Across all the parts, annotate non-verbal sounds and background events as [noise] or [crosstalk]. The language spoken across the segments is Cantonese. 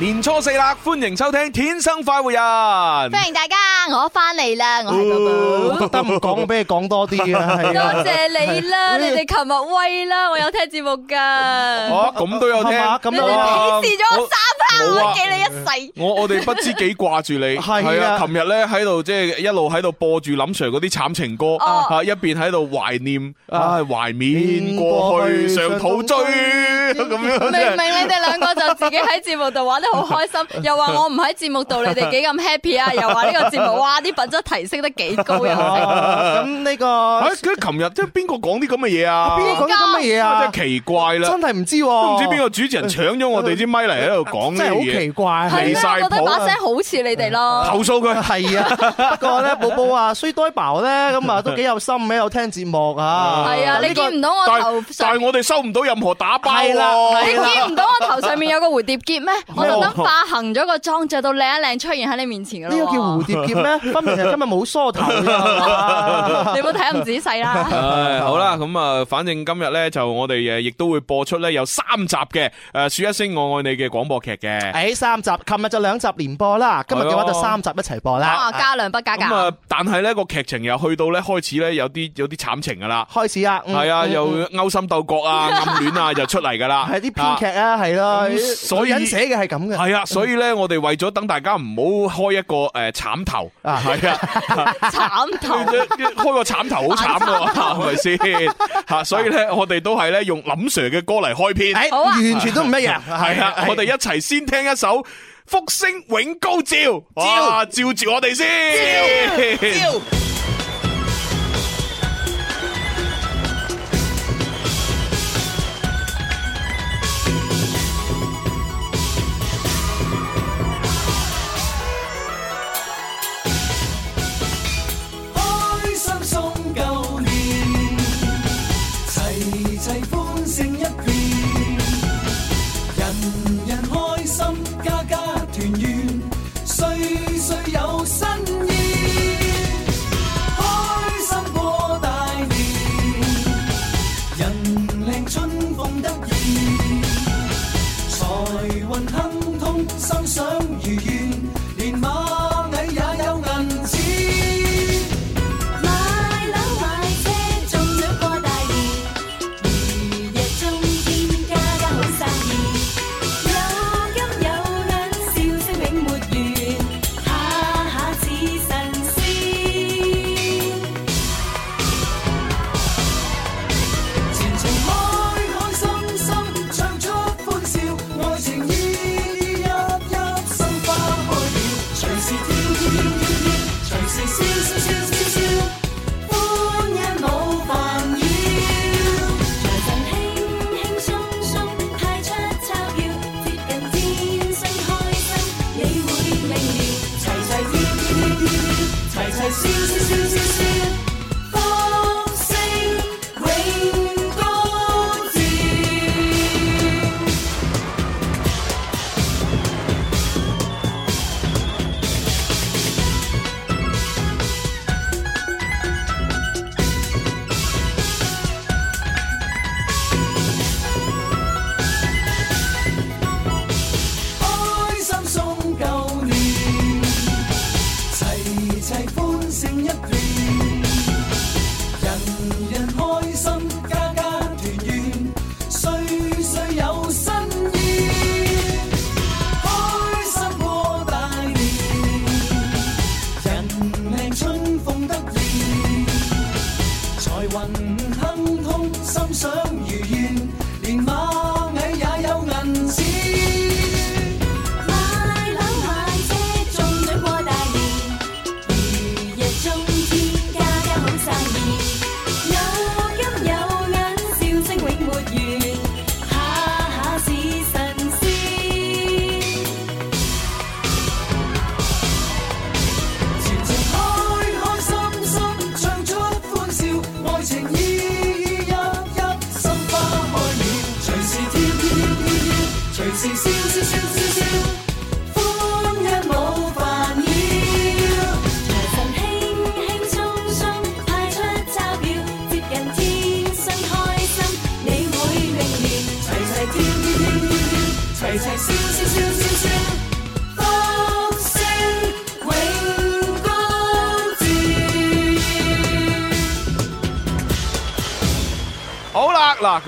年初四啦，歡迎收聽天，天生快活人，歡迎大家，我翻嚟啦，我係特登唔講俾你講多啲啊，多謝，謝你啦，啊、你哋琴日威啦，我有聽節目噶、哦啊，啊，咁都有聽，咁啊，鄙視咗我三。我啊！記你一世，我我哋不知幾掛住你係啊！琴日咧喺度即係一路喺度播住林 Sir 嗰啲慘情歌，吓一邊喺度懷念啊，懷緬過去常陶醉咁樣。明明你哋兩個就自己喺節目度玩得好開心，又話我唔喺節目度，你哋幾咁 happy 啊？又話呢個節目哇，啲品質提升得幾高啊！咁呢個，咁琴日即係邊個講啲咁嘅嘢啊？邊個講啲咁嘅嘢啊？真係奇怪啦，真係唔知，都唔知邊個主持人搶咗我哋啲咪嚟喺度講。真係好奇怪，係咪覺得把聲好似你哋咯？投訴佢係啊，不過咧，寶寶啊，衰呆雹咧，咁啊都幾有心嘅，有聽節目啊。係啊，你見唔到我頭？但係我哋收唔到任何打包喎。你見唔到我頭上面有個蝴蝶結咩？我特登化行咗個妝，着到靚一靚，出現喺你面前㗎啦。呢個叫蝴蝶結咩？分明今日冇梳頭，你冇睇唔仔細啦。好啦，咁啊，反正今日咧就我哋亦都會播出咧有三集嘅誒《說一聲我愛你》嘅廣播劇。嘅，誒，三集，琴日就兩集連播啦，今日嘅話就三集一齊播啦，加量不加價。咁啊，但係咧個劇情又去到咧，開始咧有啲有啲慘情噶啦，開始啦，係啊，又勾心鬥角啊，暗戀啊，就出嚟噶啦，係啲編劇啊，係咯，所以寫嘅係咁嘅，係啊，所以咧我哋為咗等大家唔好開一個誒慘頭，係啊，慘頭，開個慘頭好慘噶，係咪先？吓，所以咧我哋都係咧用林 Sir 嘅歌嚟開篇，好啊，完全都唔一樣，係啊，我哋一齊。先聽一首《福星永高照》，哇、啊，照住我哋先。Yeah, yeah, yeah, yeah. 照。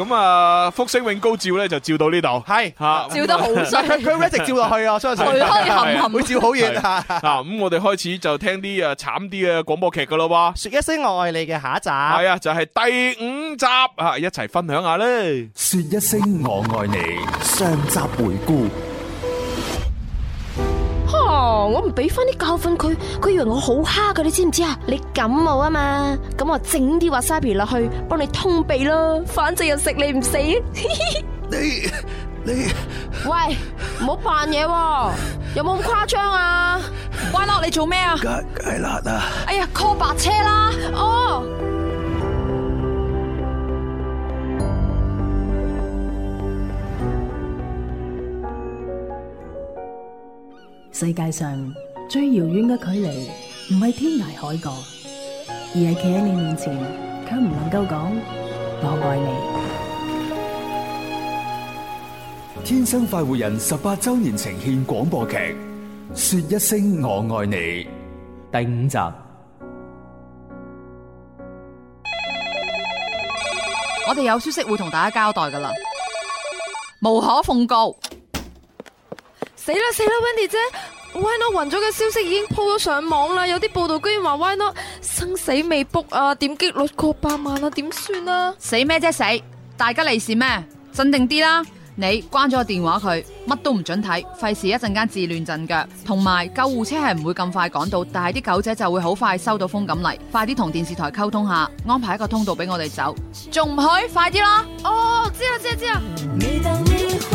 咁啊！福星永高照咧，就照到呢度，係吓是，啊、照得好衰、嗯，佢 [laughs] 一直照落去啊，所以， [laughs] 佢可以含含是，是會照好遠吓。嗱， [laughs] 咁我哋開始就聽啲啊慘啲嘅廣播劇噶啦，話說一聲我愛你嘅下一集，係啊，就係、是、第五集啊，一齊分享下咧，說一聲我愛你，上集回顧。哦、我唔俾翻啲教訓佢，佢以為我好蝦㗎，你知唔知啊？你感冒啊嘛，咁我整啲 wasabi 落去幫你通鼻啦，反正又食你唔死。嘻 [laughs] 嘻，你你喂，唔好扮嘢，有冇咁誇張啊？乖啦，你做咩啊？解解辣啦！哎呀，call 白車啦！哦。世界上最遙遠嘅距離，唔係天涯海角，而係企喺你面前，卻唔能夠講我愛你。天生快活人十八周年呈獻廣播劇《說一聲我愛你》第五集。我哋有消息會同大家交代㗎喇，無可奉告。死啦死啦，Wendy 姐 w y n o c 暈咗嘅消息已經鋪咗上網啦，有啲報道居然話 w y n o c 生死未卜啊，點擊率過百萬啊，點算啊？死咩啫死？大吉利是咩？鎮定啲啦，你關咗個電話佢，乜都唔准睇，費事一陣間自亂陣腳。同埋救護車係唔會咁快趕到，但係啲狗仔就會好快收到風咁嚟，快啲同電視台溝通下，安排一個通道俾我哋走。仲唔去？快啲啦！哦，知啦知啦知啦。你等你會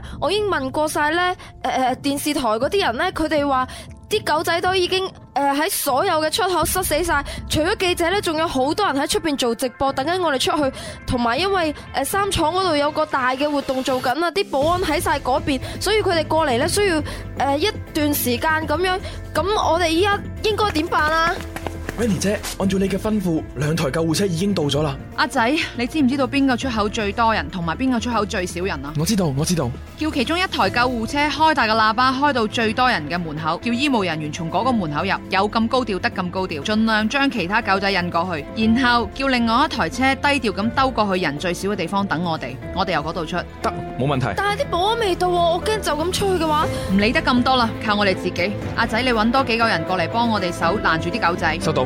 我已經問過晒呢，誒、呃、誒，電視台嗰啲人呢，佢哋話啲狗仔都已經誒喺、呃、所有嘅出口塞死晒，除咗記者呢，仲有好多人喺出邊做直播，等緊我哋出去，同埋因為誒、呃、三廠嗰度有個大嘅活動做緊啊，啲保安喺晒嗰邊，所以佢哋過嚟呢需要誒、呃、一段時間咁樣，咁我哋依家應該點辦啊？姐，按照你嘅吩咐，兩台救護車已經到咗啦。阿、啊、仔，你知唔知道邊個出口最多人，同埋邊個出口最少人啊？我知道，我知道。叫其中一台救護車開大個喇叭，開到最多人嘅門口，叫醫務人員從嗰個門口入。有咁高調得咁高調，盡量將其他狗仔引過去。然後叫另外一台車低調咁兜過去人最少嘅地方，等我哋。我哋由嗰度出，得冇問題。但係啲保安未到，我驚就咁出去嘅話，唔理得咁多啦，靠我哋自己。阿、啊、仔，你搵多幾個人過嚟幫我哋手攔住啲狗仔。收到。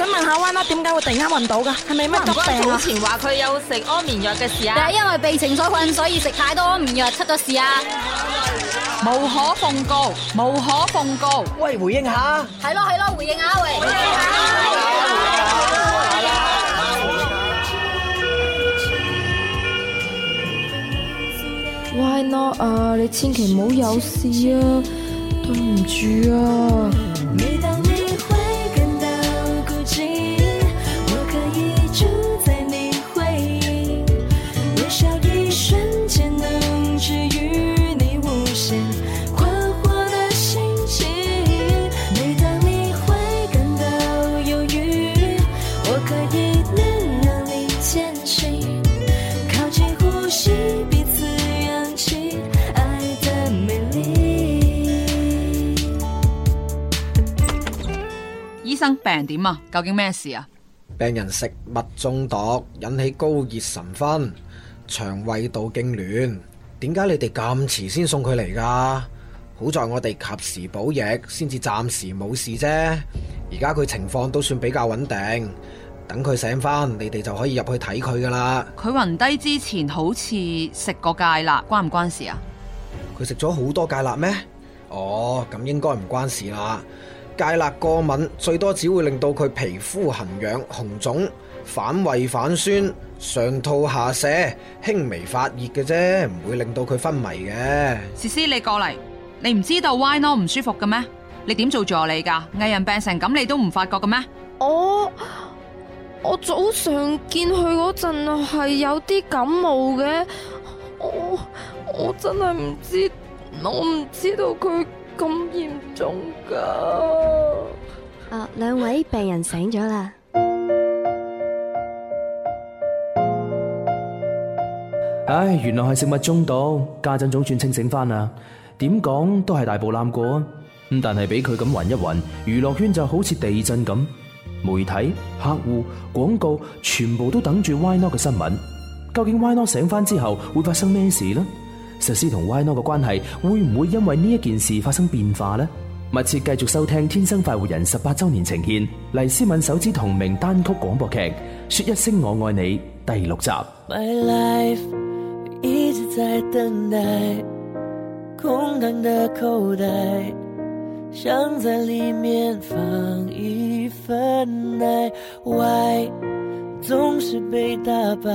想問下 Why Not 點解會突然間暈到噶？係咪咩？早前話佢有食安眠藥嘅事啊？係因為被情所困，所以食太多安眠藥出咗事啊！無可奉告，無可奉告。喂，回應下。係咯係咯，回應下喂。Why Not 啊？你千祈唔好有事啊！對唔住啊！生病點啊？究竟咩事啊？病人食物中毒引起高熱神昏、腸胃道痙攣。點解你哋咁遲先送佢嚟噶？好在我哋及時補液，先至暫時冇事啫。而家佢情況都算比較穩定，等佢醒翻，你哋就可以入去睇佢噶啦。佢暈低之前好似食過芥辣，關唔關事啊？佢食咗好多芥辣咩？哦，咁應該唔關事啦。芥辣過敏最多只會令到佢皮膚痕癢、紅腫、反胃、反酸、上吐下瀉、輕微發熱嘅啫，唔會令到佢昏迷嘅。詩詩，你過嚟，你唔知道 Yno 唔舒服嘅咩？你點做助理㗎？藝人病成咁，你都唔發覺嘅咩？我我早上見佢嗰陣係有啲感冒嘅，我我真係唔知，我唔知道佢。咁嚴重噶！啊，兩位病人醒咗啦。唉，原來係食物中毒，家陣總算清醒翻啦。點講都係大步攬過啊！咁但係俾佢咁暈一暈，娛樂圈就好似地震咁，媒體、客戶、廣告全部都等住 Why Not 嘅新聞。究竟 Why Not 醒翻之後會發生咩事呢？實施同 yo n 嘅關係會唔會因為呢一件事發生變化呢？密切繼續收聽天生快活人十八周年呈獻，黎思敏首支同名單曲廣播劇，說一聲我愛你第六集。my life 一直在等待，空蕩的口袋，想在裏面放一份愛，why 總是被打敗，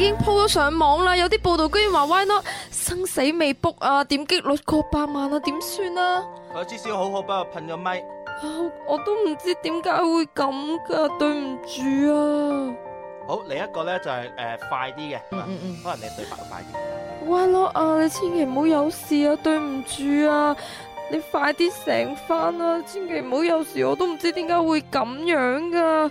已經 po 咗上網啦，有啲報道居然話 Yuno 生死未卜啊，點擊率過百萬啊，點算啊？我至少好好，不過噴咗咪、哦。我都唔知點解會咁噶，對唔住啊！好，另一個咧就係、是、誒、呃、快啲嘅，嗯嗯嗯、可能你對白會快啲。Yuno 啊，你千祈唔好有事啊，對唔住啊，你快啲醒翻啊！千祈唔好有事，我都唔知點解會咁樣噶。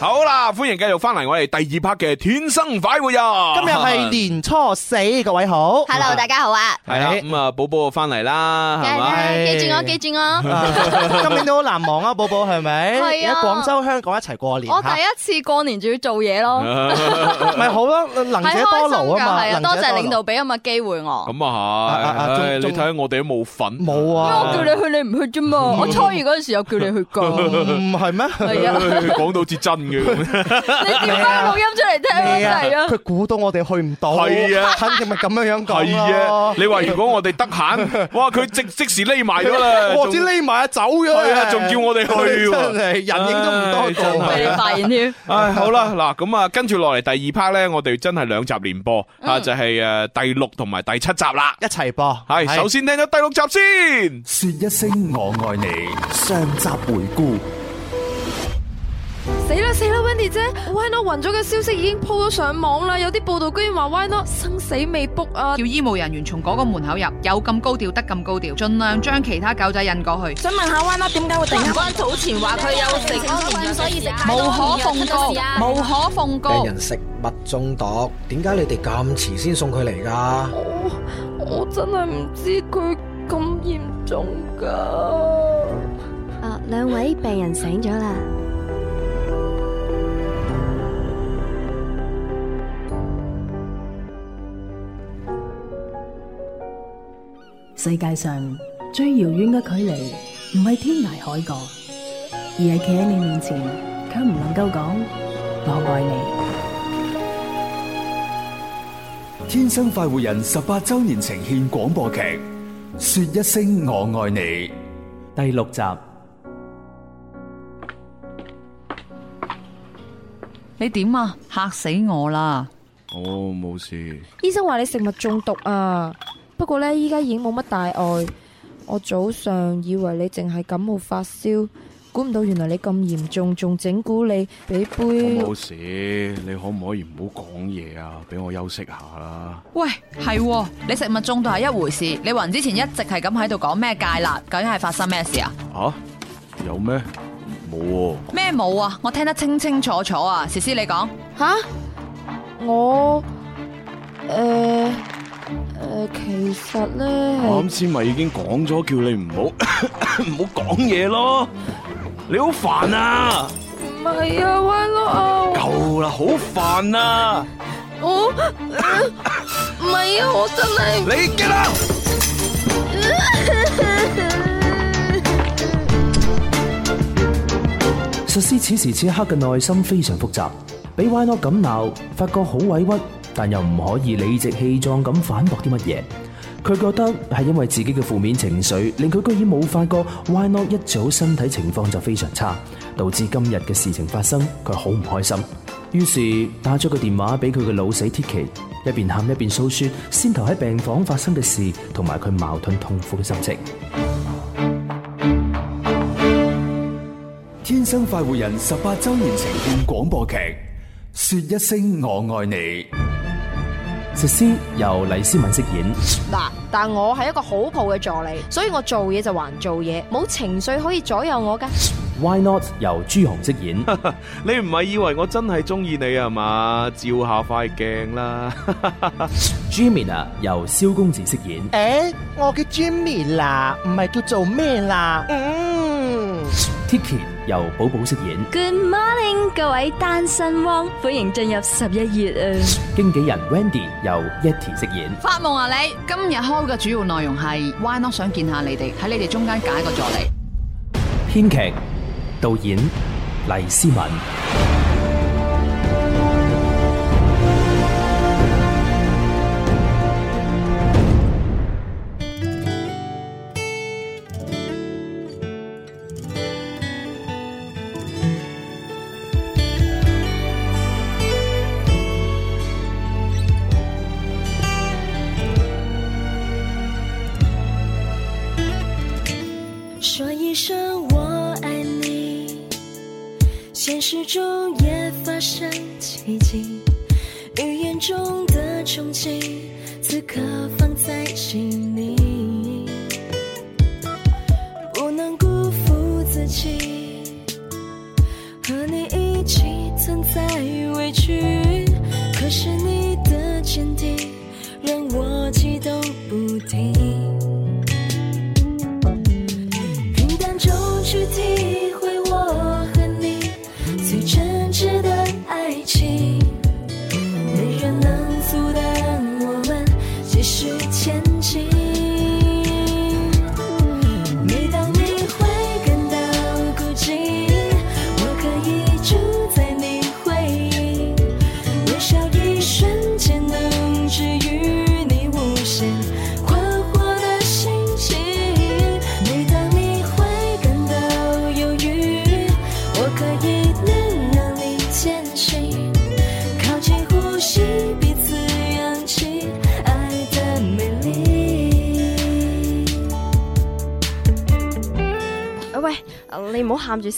好啦，歡迎繼續翻嚟我哋第二 part 嘅天生快活呀！今日係年初四，各位好。Hello，大家好啊。係啊，咁啊，寶寶翻嚟啦，係咪？記住我，記住我。今年都好難忘啊，寶寶係咪？係啊！廣州香港一齊過年。我第一次過年就要做嘢咯。咪好咯，能者多勞啊嘛。係啊，多謝領導俾咁嘅機會我。咁啊係，你睇下，我哋都冇份。冇啊！我叫你去你唔去啫嘛。我初二嗰陣時有叫你去噶。唔係咩？係啊，講到至真。你調翻個錄音出嚟聽係啊？佢估到我哋去唔到，係啊，肯定咪咁樣樣計咯。你話如果我哋得閒，哇，佢即即時匿埋咗啦，或者匿埋啊走咗啊，仲叫我哋去，真係人影都唔多見，發現添。唉，好啦，嗱咁啊，跟住落嚟第二 part 咧，我哋真係兩集連播啊，就係誒第六同埋第七集啦，一齊播。係首先聽咗第六集先，說一聲我愛你。上集回顧。死啦死啦，Wendy 姐，Wendy 暈咗嘅消息已經鋪咗上網啦，有啲報道居然話 Wendy 生死未卜啊！叫醫務人員從嗰個門口入，有咁高調得咁高調，盡量將其他狗仔引過去。想問下 Wendy 點解會突然間早前話佢有食咗飯，所以食無可奉告，無可奉告。病人食物中毒，點解你哋咁遲先送佢嚟噶？我我真係唔知佢咁嚴重噶。啊，兩位病人醒咗啦。世界上最遙遠嘅距離，唔係天涯海角，而係企喺你面前，卻唔能夠講我愛你。天生快活人十八周年呈獻廣播劇《說一聲我愛你》第六集。你點啊？嚇死我啦！我冇事。醫生話你食物中毒啊！不過呢，依家已經冇乜大礙。我早上以為你淨係感冒發燒，估唔到原來你咁嚴重，仲整蠱你俾杯。冇事，你可唔可以唔好講嘢啊？俾我休息下啦。喂，係你食物中毒係一回事，你暈之前一直係咁喺度講咩戒辣，究竟係發生咩事啊？吓，有咩？冇。咩冇啊？我聽得清清楚楚啊！詩詩，你講吓、啊，我誒。呃誒，其實咧，我啱先咪已經講咗，叫你唔好唔好講嘢咯，你好煩啊！唔係啊，歪囉夠啦，好煩啊！我唔係啊，我真係你驚啦！實施此時此刻嘅內心非常複雜，俾歪囉咁鬧，發覺好委屈。但又唔可以理直氣壯咁反駁啲乜嘢，佢覺得係因為自己嘅負面情緒令佢居然冇發覺，Y not 一早身體情況就非常差，導致今日嘅事情發生，佢好唔開心於。於是打咗個電話俾佢嘅老死鐵騎，一邊喊一邊訴說，先頭喺病房發生嘅事同埋佢矛盾痛苦嘅心情。天生快活人十八周年慶典廣播劇，說一聲我愛你。律師由黎思敏飾演。嗱，但我係一個好抱嘅助理，所以我做嘢就還做嘢，冇情緒可以左右我噶。Why not？由朱紅飾演。 [laughs] 你唔係以為我真係中意你啊嘛？照下塊鏡啦。Jimmy 由蕭公子飾演。誒、欸，我叫 Jimmy 啦，唔係叫做咩啦？嗯，Tiki。由寶寶飾演。Good morning，各位單身汪，歡迎進入十一月啊！經紀人 Wendy 由 Yetty 飾演。發夢啊你！今日開嘅主要內容係 Why not，想見下你哋，喺你哋中間揀一個助理。編劇、導演黎思文。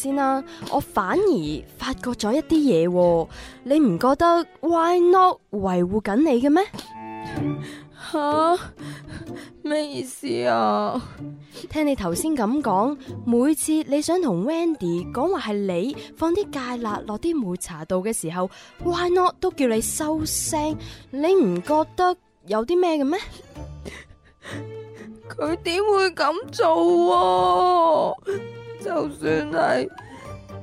先啦，我反而發覺咗一啲嘢，你唔覺得 Why Not 維護緊你嘅咩？吓？咩意思啊？聽你頭先咁講，每次你想同 Wendy 講話，係你放啲芥辣落啲抹茶度嘅時候，Why Not 都叫你收聲，你唔覺得有啲咩嘅咩？佢點會咁做啊？就算係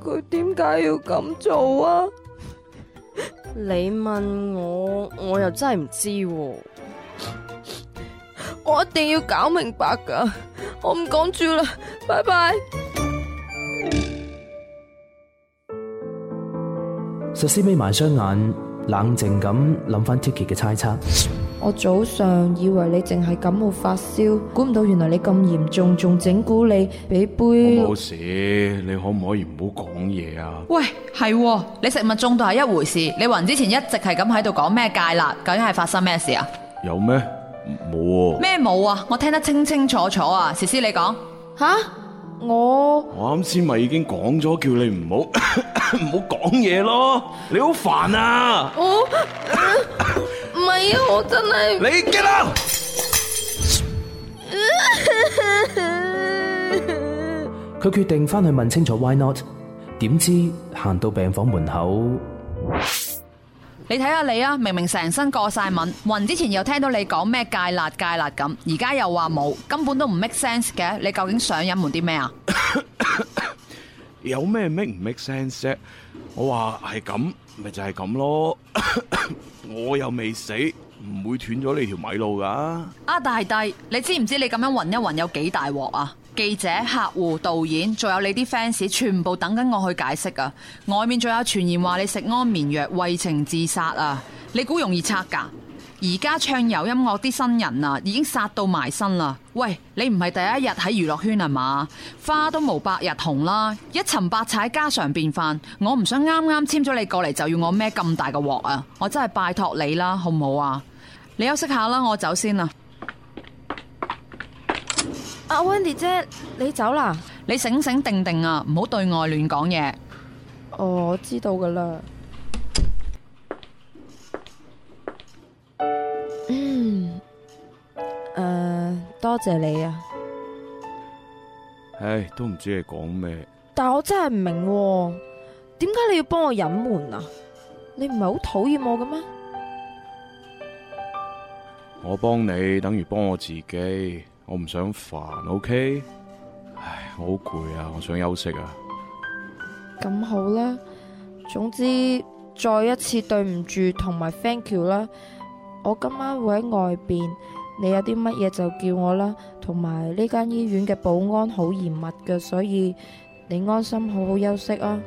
佢，點解要咁做啊？你問我，我又真係唔知喎。我一定要搞明白噶，我唔講住啦，拜拜。實施眯埋雙眼，冷靜咁諗翻 Tiki 嘅猜測。我早上以為你淨係感冒發燒，估唔到原來你咁嚴重，仲整蠱你俾杯。我冇事，你可唔可以唔好講嘢啊？喂，係你食物中毒係一回事，你暈之前一直係咁喺度講咩芥辣，究竟係發生咩事啊？有咩？冇啊？咩冇啊？我聽得清清楚楚啊！詩詩，你講吓。我我啱先咪已經講咗叫你唔好唔好講嘢咯，你好煩啊！我唔係啊，我真係你 get 啦！佢決定翻去問清楚 why not，點知行到病房門口。你睇下你啊，明明成身過晒敏，暈之前又聽到你講咩戒辣戒辣咁，而家又話冇，根本都唔 make sense 嘅。你究竟想隱瞞啲咩啊？有咩 make 唔 make sense 啫？我話係咁，咪就係咁咯。我又未死，唔會斷咗你條米路噶。啊大弟，你知唔知你咁樣暈一暈有幾大鑊啊？記者、客戶、導演，仲有你啲 fans，全部等緊我去解釋啊！外面仲有傳言話你食安眠藥、為情自殺啊！你估容易拆噶？而家唱游音樂啲新人啊，已經殺到埋身啦！喂，你唔係第一日喺娛樂圈啊嘛？花都冇百日紅啦，一沉百踩家常便飯。我唔想啱啱簽咗你過嚟就要我孭咁大嘅鑊啊！我真係拜託你啦，好唔好啊？你休息下啦，我先走先啦。阿 Wendy 姐，你走啦！你醒醒定定啊，唔好對外亂講嘢。哦，我知道噶啦。嗯，誒、呃，多謝你啊。唉，都唔知你講咩。但係我真係唔明、啊，點解你要幫我隱瞞啊？你唔係好討厭我嘅咩？我幫你等於幫我自己。我唔想煩，OK？唉，我好攰啊，我想休息啊。咁好啦，總之再一次對唔住，同埋 thank you 啦。我今晚會喺外邊，你有啲乜嘢就叫我啦。同埋呢間醫院嘅保安好嚴密嘅，所以你安心好好休息啊。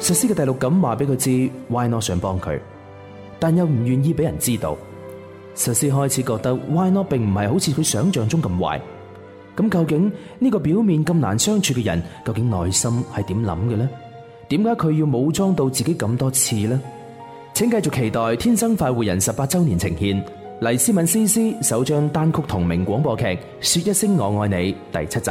上司嘅第六感話俾佢知，Why not 想幫佢？但又唔願意俾人知道，詩詩開始覺得 Why Not 並唔係好似佢想象中咁壞。咁究竟呢個表面咁難相處嘅人，究竟內心係點諗嘅呢？點解佢要武裝到自己咁多次呢？請繼續期待《天生快活人》十八周年呈現黎思敏詩詩首張單曲同名廣播劇《說一聲我愛你》第七集。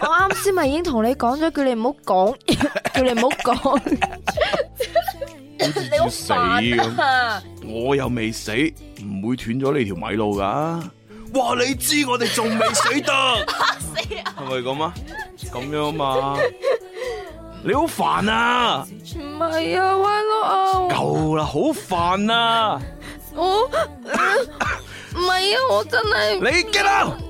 我啱先咪已經同你講咗，叫你唔好講，叫你唔好講。你好死啊！我又未死，唔會斷咗你條米路噶。話你知我哋仲未死得，係咪咁啊？咁樣嘛？你好煩啊！唔係啊，彎路啊！夠啦，好煩啊！我唔係啊，我真係你 get on。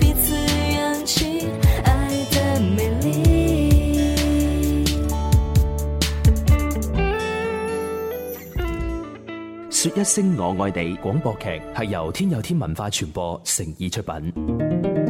說一聲我愛你，廣播劇係由天有天文化傳播誠意出品。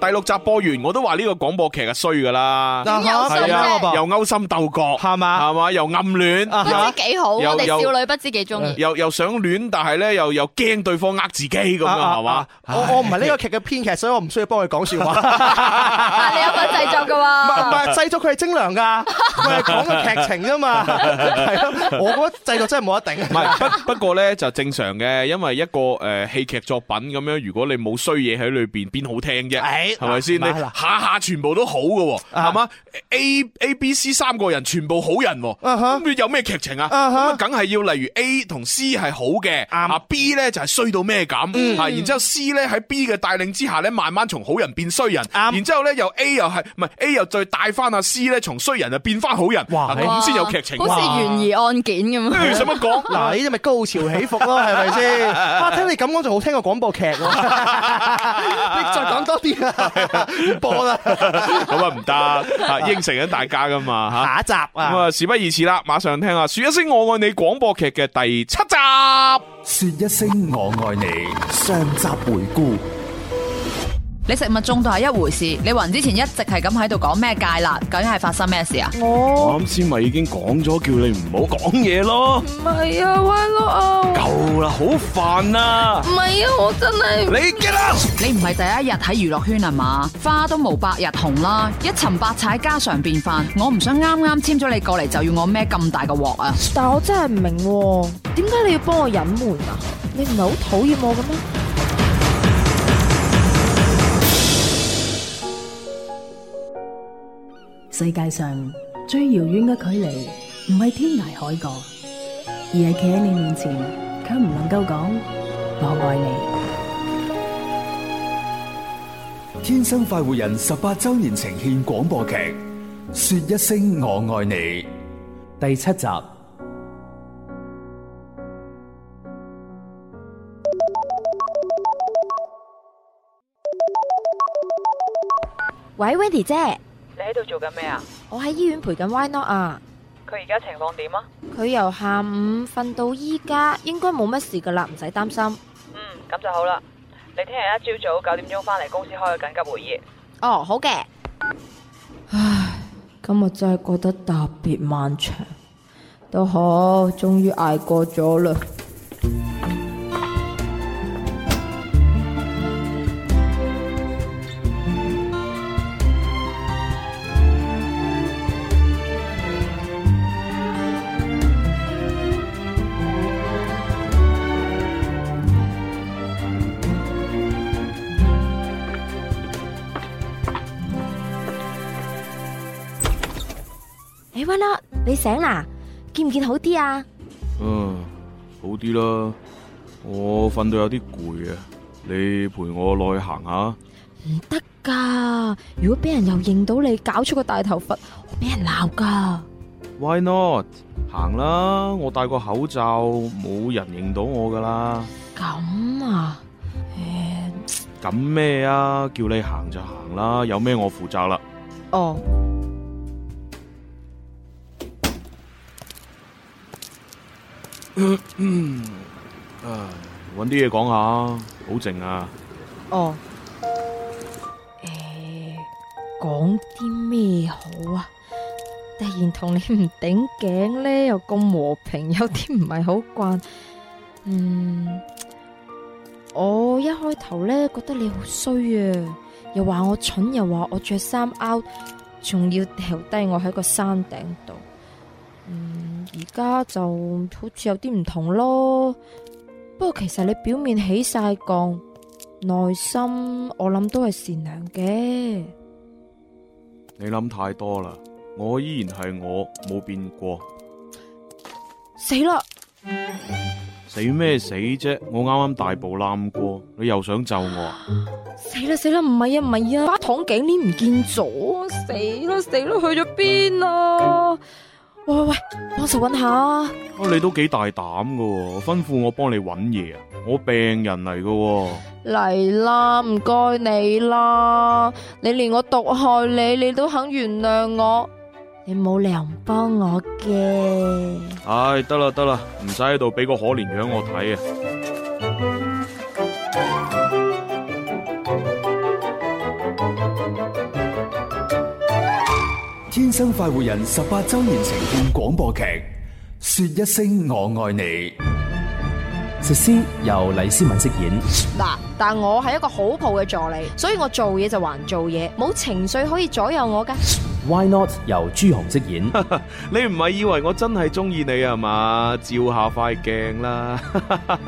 第六集播完，我都話呢個廣播劇係衰噶啦，又勾心鬥角，係嘛？係嘛？又暗戀，又啲幾好，我哋少女不知幾中意，又又想戀，但係咧又又驚對方呃自己咁樣，係嘛？我我唔係呢個劇嘅編劇，所以我唔需要幫佢講說話。但係你有份製作噶喎，唔係製作佢係精良噶，佢係講個劇情啫嘛。係咯，我覺得製作真係冇一定。唔係，不過咧就正常嘅，因為一個誒戲劇作品咁樣，如果你冇衰嘢喺裏邊，邊好聽啫。係咪先？你下下全部都好嘅，係嘛？A、A, A、B、C 三個人全部好人，喎，有咩劇情啊？咁梗係要例如 A 同 C 係好嘅，啊 B 咧就係衰到咩咁，啊，然之後 C 咧喺 B 嘅帶領之下咧，慢慢從好人變衰人，然之後咧由 A 又係唔係 A 又再帶翻阿 C 咧從衰人啊變翻好人，咁先有劇情，好似懸疑案件咁。使乜 [laughs] 講？嗱，呢啲咪高潮起伏咯，係咪先？哇， [laughs] 聽你咁講就好聽過廣播劇喎、啊， [laughs] 你再講多啲。播啦，咁啊唔得， [laughs] 應承緊大家噶嘛吓，下一集咁啊，事不宜遲啦，馬上聽啊，說一聲我愛你廣播劇嘅第七集，說一聲我愛你，上集回顧。你食物中毒係一回事，你暈之前一直係咁喺度講咩芥辣，究竟係發生咩事？哦、我啊？我啱先咪已經講咗叫你唔好講嘢咯。唔係啊，喂咯啊！夠啦，好煩啊！唔係啊，我真係你 g 得！你唔係第一日喺娛樂圈啊嘛？花都冇百日紅啦，一沉百踩家常便飯。我唔想啱啱簽咗你過嚟就要我孭咁大嘅鑊啊！但係我真係唔明，點解你要幫我隱瞞啊？你唔係好討厭我嘅咩？世界上最遙遠嘅距離，唔係天涯海角，而係企喺你面前，卻唔能夠講我愛你。天生快活人十八周年呈獻廣播劇《說一聲我愛你》第七集。喂，Wendy 姐。你喺度做緊咩啊？我喺醫院陪緊 Y 諾啊！佢而家情況點啊？佢由下午瞓到依家，應該冇乜事噶啦，唔使擔心。嗯，咁就好啦。你聽日一朝早九點鐘返嚟公司開個緊急會議。哦，好嘅。唉，今日真係過得特別漫長。都好，終於挨過咗啦。Y 諾，你醒啦？見唔見好啲啊？嗯，uh, 好啲啦。我瞓到有啲攰啊。你陪我落去行下。唔得噶！如果俾人又認到你，搞出個大頭佛，我俾人鬧噶。Y 諾，行啦！我戴個口罩，冇人認到我噶啦。咁啊？誒、uh，咁咩啊？叫你行就行啦，有咩我負責啦。哦。Oh. 嗯，誒，揾啲嘢講下，好靜啊。哦，誒、欸，講啲咩好啊？突然同你唔頂頸咧，又咁和平，有啲唔係好慣。嗯，我一開頭咧，覺得你好衰啊，又話我蠢，又話我着衫 out，仲要掉低我喺個山頂度。嗯。而家就好似有啲唔同咯，不過其實你表面起晒槓，內心我諗都係善良嘅。你諗太多啦，我依然係我，冇變過。死啦！死咩死啫？我啱啱大步攬過，你又想咒我？啊、死啦死啦！唔係啊唔係啊！花糖頸鏈唔見咗？死啦死啦！去咗邊啊？嗯嗯喂喂喂，幫手揾下。哇，你都幾大膽噶？吩咐我幫你揾嘢啊，我病人嚟噶。嚟啦，唔該你啦。你連我毒害你，你都肯原諒我？你冇理由幫我嘅。唉，得啦得啦，唔使喺度俾個可憐樣我睇啊。天生快活人十八周年呈獻廣播劇，說一聲我愛你。實施由李思敏飾演。嗱，但我係一個好抱嘅助理，所以我做嘢就還做嘢，冇情緒可以左右我㗎。Why not？由朱紅飾演。 [laughs] 你唔係以為我真係中意你吖嘛？照下塊鏡啦。 [laughs]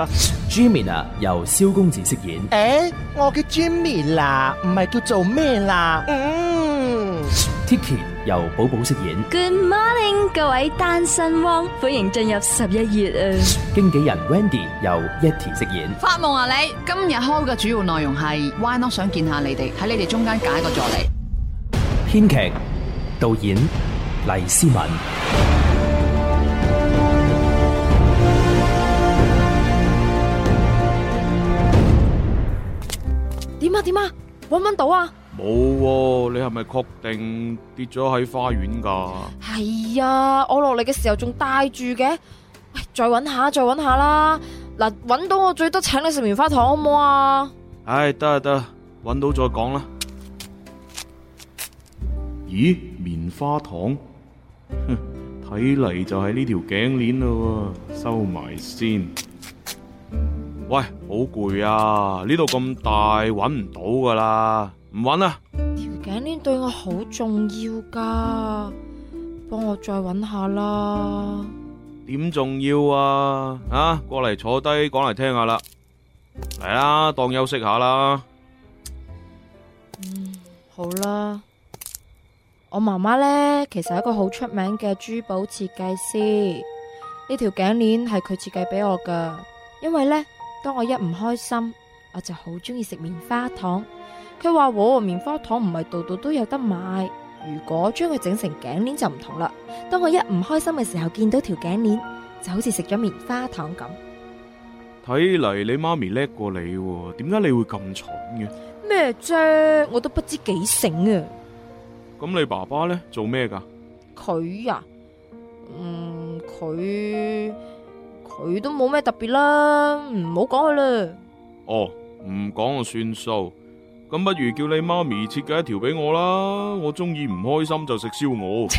Jimmy 啊，由蕭公子飾演。誒、欸，我嘅 Jimmy 啦，唔係叫做咩啦？嗯，Tiki。由寶寶飾演。Good morning，各位單身汪，歡迎進入十一月啊！經紀人 Wendy 由 Yetty 飾演。發夢啊，你今日開嘅主要內容係 Why not 想見下你哋，喺你哋中間揀一個助理。編劇、導演黎思文。點啊點啊，揾唔揾到啊！冇、啊，你係咪確定跌咗喺花園噶？係啊，我落嚟嘅時候仲戴住嘅。喂，再搵下，再搵下啦。嗱，搵到我最多請你食棉花糖，好唔好啊？唉、哎，得啊得，搵到再講啦。咦，棉花糖？哼，睇嚟就係呢條頸鏈咯，收埋先。喂，好攰啊，呢度咁大搵唔到噶啦。唔搵啦！條頸鏈對我好重要噶幫我再搵下啦。點重要啊？啊，過嚟坐低講嚟聽下啦，嚟啦，當休息下啦。嗯，好啦。我媽媽呢，其實係一個好出名嘅珠寶設計師。呢條頸鏈係佢設計俾我噶，因為呢，當我一唔開心，我就好中意食棉花糖。佢話：說我棉花糖唔係度度都有得買。如果將佢整成頸鏈就唔同啦。當佢一唔開心嘅時候，見到條頸鏈就好似食咗棉花糖咁。睇嚟，你媽咪叻過你，點解你會咁蠢嘅？咩啫？我都不知幾醒啊！咁你爸爸咧做咩噶？佢啊，嗯，佢佢都冇咩特別啦，唔好講佢啦。哦，唔講我算數。咁不如叫你媽咪設計一條俾我啦，我中意唔開心就食燒鵝。 [laughs]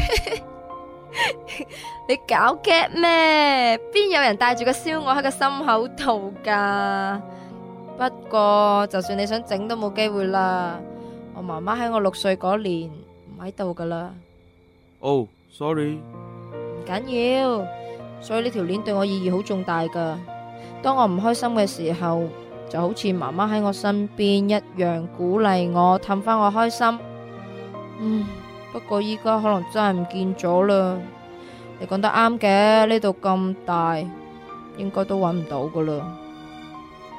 你搞 gag 咩？邊有人戴住個燒鵝喺個心口度噶？不過就算你想整都冇機會啦。我媽媽喺我六歲嗰年唔喺度噶啦。哦，oh，sorry，唔緊要。所以呢條鏈對我意義好重大噶。當我唔開心嘅時候，就好似媽媽喺我身邊一樣鼓勵我氹翻我開心，嗯，不過依家可能真係唔見咗啦。你講得啱嘅，呢度咁大，應該都揾唔到噶啦。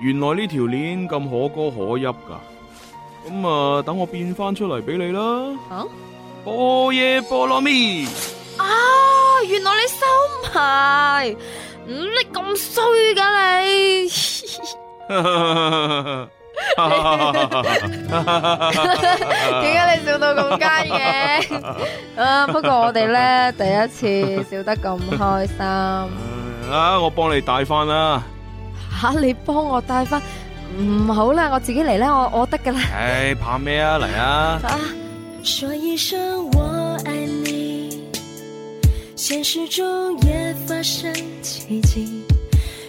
原來呢條鏈咁可歌可泣噶，咁啊、呃，等我變翻出嚟俾你啦。啊，波耶波蘿蜜。羅咪啊，原來你收埋，嗯，你咁衰噶你。 [laughs] 哈哈哈！哈哈！哈哈！哈哈！哈哈！哈哈！點解你笑到咁奸嘅？ [laughs] 不過我哋咧 [laughs] 第一次笑得咁開心。啊，我幫你戴翻啦。吓、啊，你幫我戴翻？唔好啦，我自己嚟啦，我我得噶啦。唉、欸，怕咩啊？嚟啊！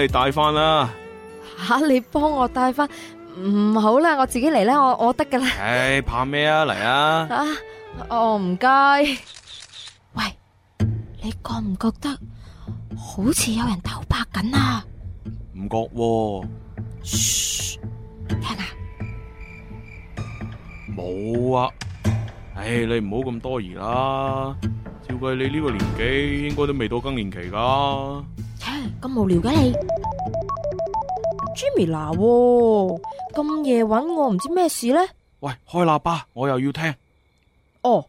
你帶翻啦吓、啊！你幫我帶翻唔好啦，我自己嚟啦，我我得噶啦。唉、欸，怕咩啊？嚟、哦、啊！啊，我唔該。喂，你覺唔覺得好似有人偷拍緊啊？唔覺。嘘，聽下。冇啊！唉，你唔好咁多疑啦。照計你呢個年紀，應該都未到更年期噶。咁無聊嘅，你，Jemina 咁夜搵我唔知咩事咧？喂，開喇叭，我又要聽。哦，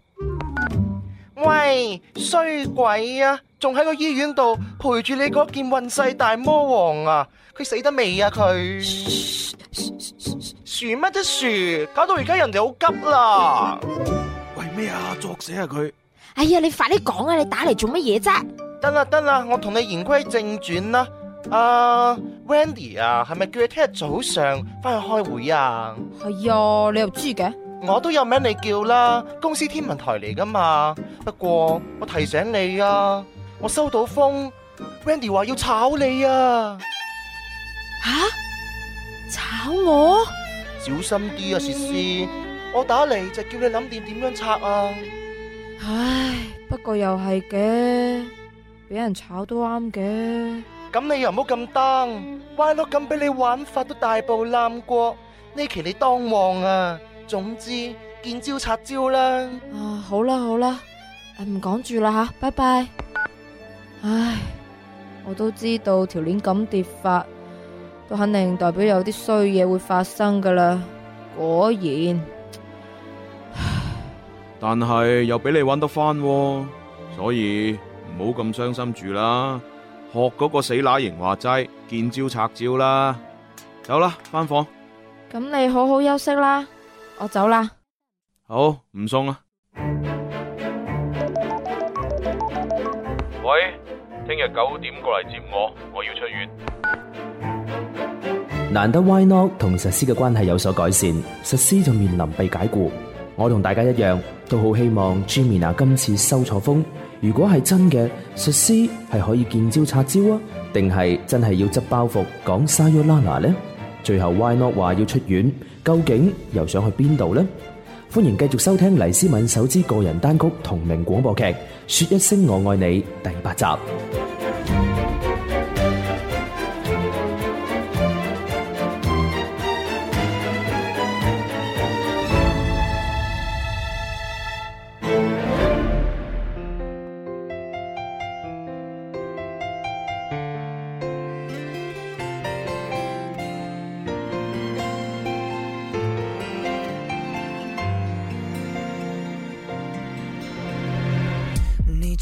喂，衰鬼啊，仲喺個醫院度陪住你嗰件運勢大魔王啊？佢死得未啊？佢，嘘嘘嘘嘘嘘，嘘咩啫嘘？搞到而家人哋好急啦！喂，咩啊？作死啊佢！哎呀，你快啲講啊！你打嚟做乜嘢啫？得啦得啦，我同你言歸正傳啦。啊、uh, Randy 啊，係咪叫你聽日早上翻去開會啊？係啊、哎，你又知嘅？我都有名你叫啦，公司天文台嚟噶嘛。不過我提醒你啊，我收到風 Randy 話要炒你啊。吓、啊？炒我？小心啲啊，雪絲、嗯。我打嚟就叫你諗掂點樣拆啊。唉，不過又係嘅。俾人炒都啱嘅，咁你又唔好咁登，歪落咁俾你玩法都大步冧過呢期你當旺啊！總之見招拆招啦！啊好啦好啦，唔講住啦吓，拜拜。唉，我都知道條鏈咁跌法，都肯定代表有啲衰嘢會發生噶啦。果然，但係又俾你搵得翻，所以。冇咁傷心住啦，學嗰個死乸型話齋，見招拆招啦。走啦，翻房。咁你好好休息啦，我走啦。好，唔送啦。喂，聽日九點過嚟接我，我要出院。難得 Y 諾同實施嘅關係有所改善，實施就面臨被解雇。我同大家一樣，都好希望朱咪娜今次收錯風。如果係真嘅，術師係可以見招拆招啊，定係真係要執包袱講沙 a 拉 a 呢？最後 Y n o not 話要出院，究竟又想去邊度呢？歡迎繼續收聽黎思敏首支個人單曲同名廣播劇《說一聲我愛你》第八集。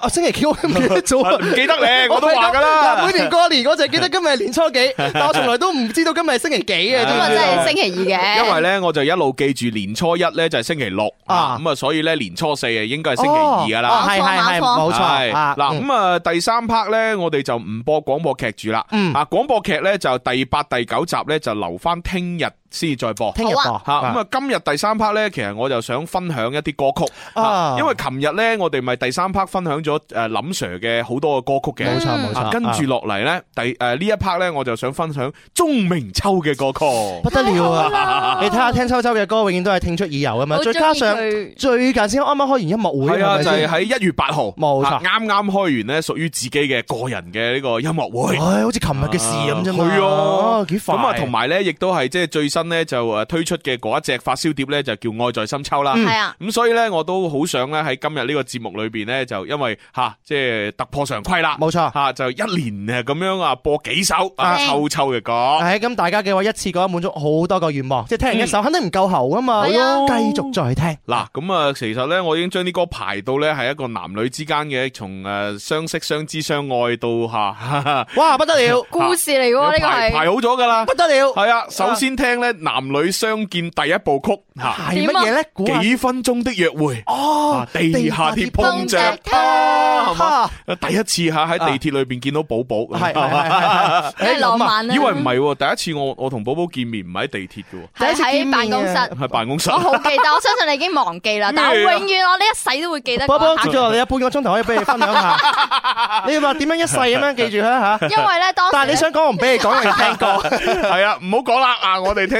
啊，星期幾我唔記得，唔 [laughs] 記得你，我都話噶啦。每年過年我就記得今日係年初幾， [laughs] 但我從來都唔知道今日係星期幾嘅。今日真係星期二嘅。因為咧，我就一路記住年初一咧就係星期六啊，咁啊，所以咧年初四啊應該係星期二噶啦，係係係冇錯。嗱咁啊， [laughs] 嗯、第三 part 咧我哋就唔播廣播劇住啦。嗯。啊，廣播劇咧就第八、第九集咧就留翻聽日。先再播，聽日播。咁啊，今日第三 part 咧，其實我就想分享一啲歌曲，因為琴日咧，我哋咪第三 part 分享咗誒林 Sir 嘅好多嘅歌曲嘅，冇錯冇錯。跟住落嚟咧，第誒呢一 part 咧，我就想分享鍾明秋嘅歌曲，不得了啊！你睇下聽秋秋嘅歌，永遠都係聽出耳油㗎嘛。再加上最近先啱啱開完音樂會，係啊，就係喺一月八號，冇錯，啱啱開完咧，屬於自己嘅個人嘅呢個音樂會，好似琴日嘅事咁啫嘛，係啊，幾快。咁啊，同埋咧，亦都係即係最新，咧就誒推出嘅嗰一隻發燒碟咧就叫愛在深秋啦，係啊，咁所以咧我都好想咧喺今日呢個節目裏邊咧就因為吓即係突破常規啦，冇錯，吓就一年誒咁樣啊播幾首秋秋嘅歌，係咁大家嘅話一次過滿足好多個願望，即係聽完一首肯定唔夠喉啊嘛，係啊，繼續再聽嗱，咁啊其實咧我已經將啲歌排到咧係一個男女之間嘅從誒相識相知相愛到吓哇不得了，故事嚟嘅喎，呢個係排好咗噶啦，不得了，係啊，首先聽咧。男女相見第一部曲吓係乜嘢咧？幾分鐘的約會哦，地下鐵碰着他，第一次吓，喺地鐵裏邊見到寶寶係係，咁浪漫啊，以為唔係第一次，我我同寶寶見面唔喺地鐵嘅，第一次喺辦公室喺辦公室，我好記得，我相信你已經忘記啦，但係永遠我呢一世都會記得。寶你有半個鐘頭可以俾你分享下，你話點樣一世咁樣記住佢吓？因為咧，但係你想講唔俾你講人聽歌，係啊，唔好講啦，啊我哋聽。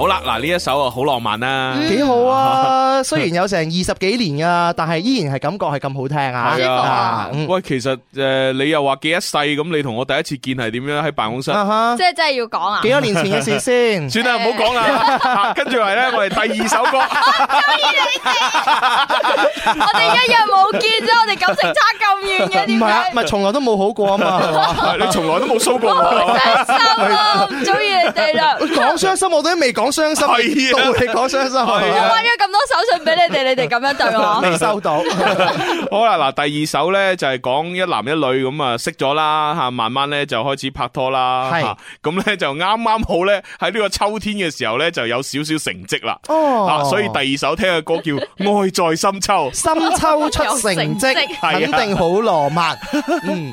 好啦，嗱呢一首啊，好浪漫啊，幾好啊！雖然有成二十幾年啊，但係依然係感覺係咁好聽啊。係啊，喂，其實誒，你又話幾一世咁，你同我第一次見係點樣？喺辦公室，即係真係要講啊！幾多年前嘅事先，算啦，唔好講啦。跟住係咧，我哋第二首歌，我唔中意你哋，我哋一日冇見咗，我哋感情差咁遠嘅，唔係啊，唔係從來都冇好過啊嘛，你從來都冇收過我，傷心，唔中意你哋啦。講傷心我都未講。傷心，到你講傷心。啊啊、我發咗咁多手信俾你哋，你哋咁樣對我，未收到。 [laughs] 好啦，嗱，第二首咧就係、是、講一男一女咁啊，識咗啦吓，慢慢咧就開始拍拖啦。係咁咧就啱啱好咧，喺呢個秋天嘅時候咧，就有少少成績啦。哦、啊，所以第二首聽嘅歌叫《愛在深秋》， [laughs] 深秋出成績，成績啊、肯定好浪漫。 [laughs] 嗯。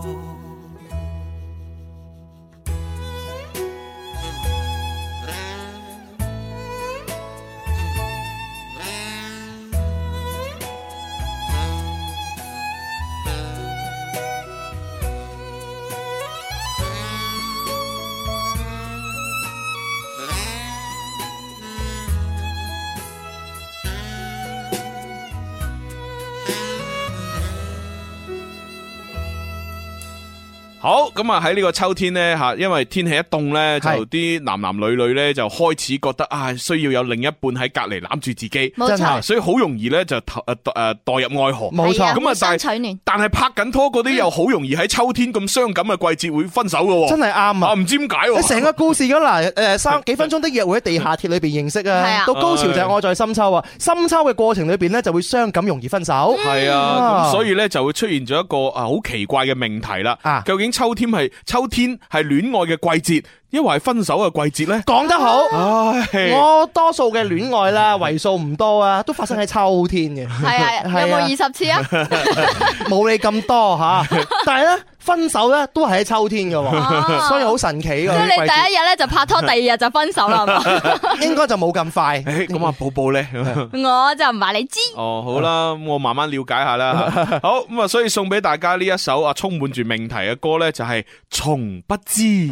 咁啊喺呢個秋天咧，吓，因為天氣一凍咧，就啲男男女女咧就開始覺得啊，需要有另一半喺隔籬攬住自己，所以好容易咧就投誒誒墮入愛河。冇錯，咁啊但係但係拍緊拖嗰啲又好容易喺秋天咁傷感嘅季節會分手噶。真係啱啊！唔知點解喎？你成個故事嗰嗱誒三幾分鐘的約會喺地下鐵裏邊認識啊，到高潮就係愛在深秋啊，深秋嘅過程裏邊咧就會傷感容易分手。係啊，咁所以咧就會出現咗一個啊好奇怪嘅命題啦。啊，究竟秋天？係秋天係戀愛嘅季節，抑或係分手嘅季節呢？講得好，我多數嘅戀愛啦，為數唔多啊，都發生喺秋天嘅。係啊，有冇二十次啊？冇你咁多吓，但係呢。分手咧都係喺秋天嘅。哦，啊、所以好神奇嘅。所以你第一日咧就拍拖， [laughs] 第二日就分手啦係嘛？ [laughs] 應該就冇咁快，欸。咁啊、欸，寶寶咧， [laughs] 我就唔話你知。哦，好啦，嗯，我慢慢了解下啦。 [laughs] 好咁啊，所以送俾大家呢一首啊，充滿住命題嘅歌咧，就係、是、從不知。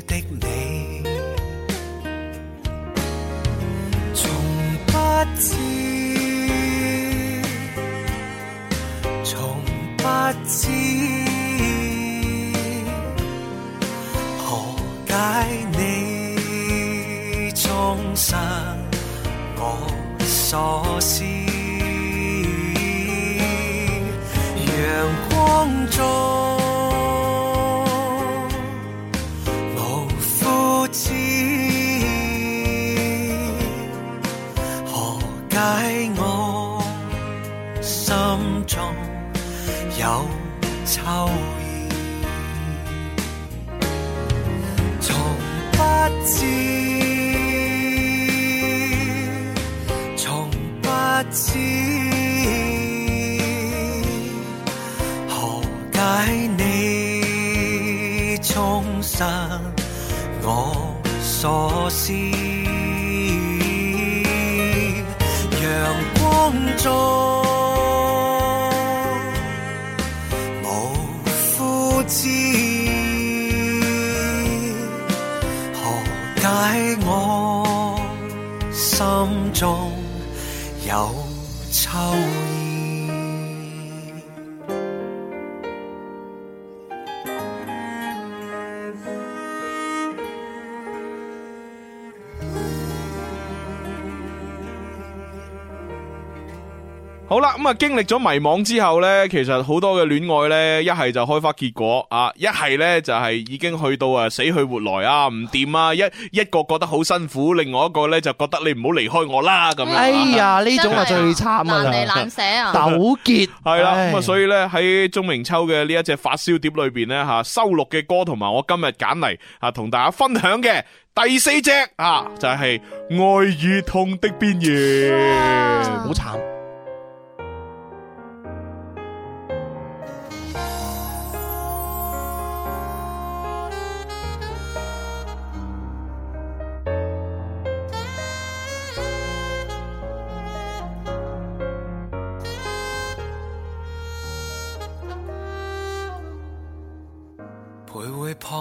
咁啊，經歷咗迷茫之後呢其實好多嘅戀愛呢一係就開花結果啊，一係呢就係已經去到啊死去活來啊，唔掂啊，一一個覺得好辛苦，另外一個呢就覺得你唔好離開我啦咁樣。哎呀，呢樣、哎、呀種啊最慘啊，你難寫啊，糾結係啦。咁啊，所以呢喺鐘明秋嘅呢一隻發燒碟裏邊呢吓收錄嘅歌，同埋我今日揀嚟吓同大家分享嘅第四隻啊，就係、是、愛與痛的邊緣，好慘哇。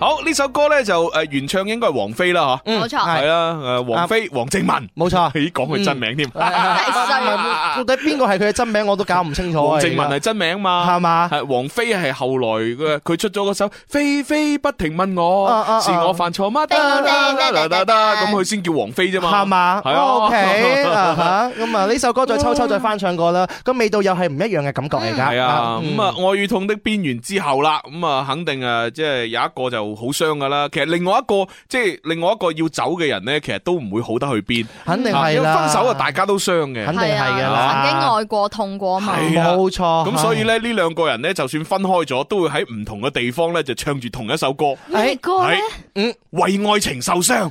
好呢首歌咧就誒原唱應該係王菲啦嗬，嗯，冇錯，係啊，誒王菲王靖雯冇錯，咦講佢真名添，係真名，到底邊個係佢嘅真名我都搞唔清楚。王靖雯係真名嘛，係嘛，係王菲係後來嘅，佢出咗個首飛飛不停問我，是我犯錯嗎？得得得得得，咁佢先叫王菲啫嘛，係嘛，係啊，OK 啊，咁啊呢首歌再抽抽再翻唱過啦，個味道又係唔一樣嘅感覺嚟噶，係啊，咁啊愛與痛的邊緣之後啦，咁啊肯定啊，即係有一個就。好傷噶啦，其實另外一個即係另外一個要走嘅人咧，其實都唔會好得去邊，肯定係要分手啊，大家都傷嘅，肯定係嘅。曾經愛過痛過嘛，冇錯。咁所以咧呢兩個人咧，就算分開咗，都會喺唔同嘅地方咧就唱住同一首歌。咩歌咧？嗯，為愛情受傷。